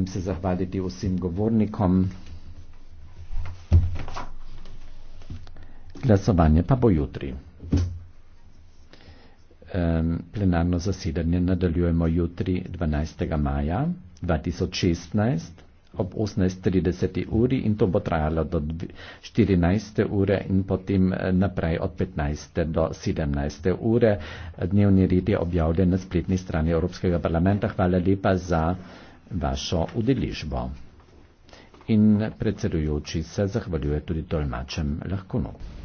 želim se zahvaliti vsem govornikom. Glasovanje pa bo jutri. Plenarno zasedanje nadaljujemo jutri 12. maja 2016 ob 18.30 uri in to bo trajalo do 14. ure in potem eh, naprej od 15. do 17. ure. Dnevni red je objavljen na spletni strani Evropskega parlamenta. Hvala lepa za vašo udeležbo. In predsedujoči se zahvaljuje tudi tolmačem lahko noč.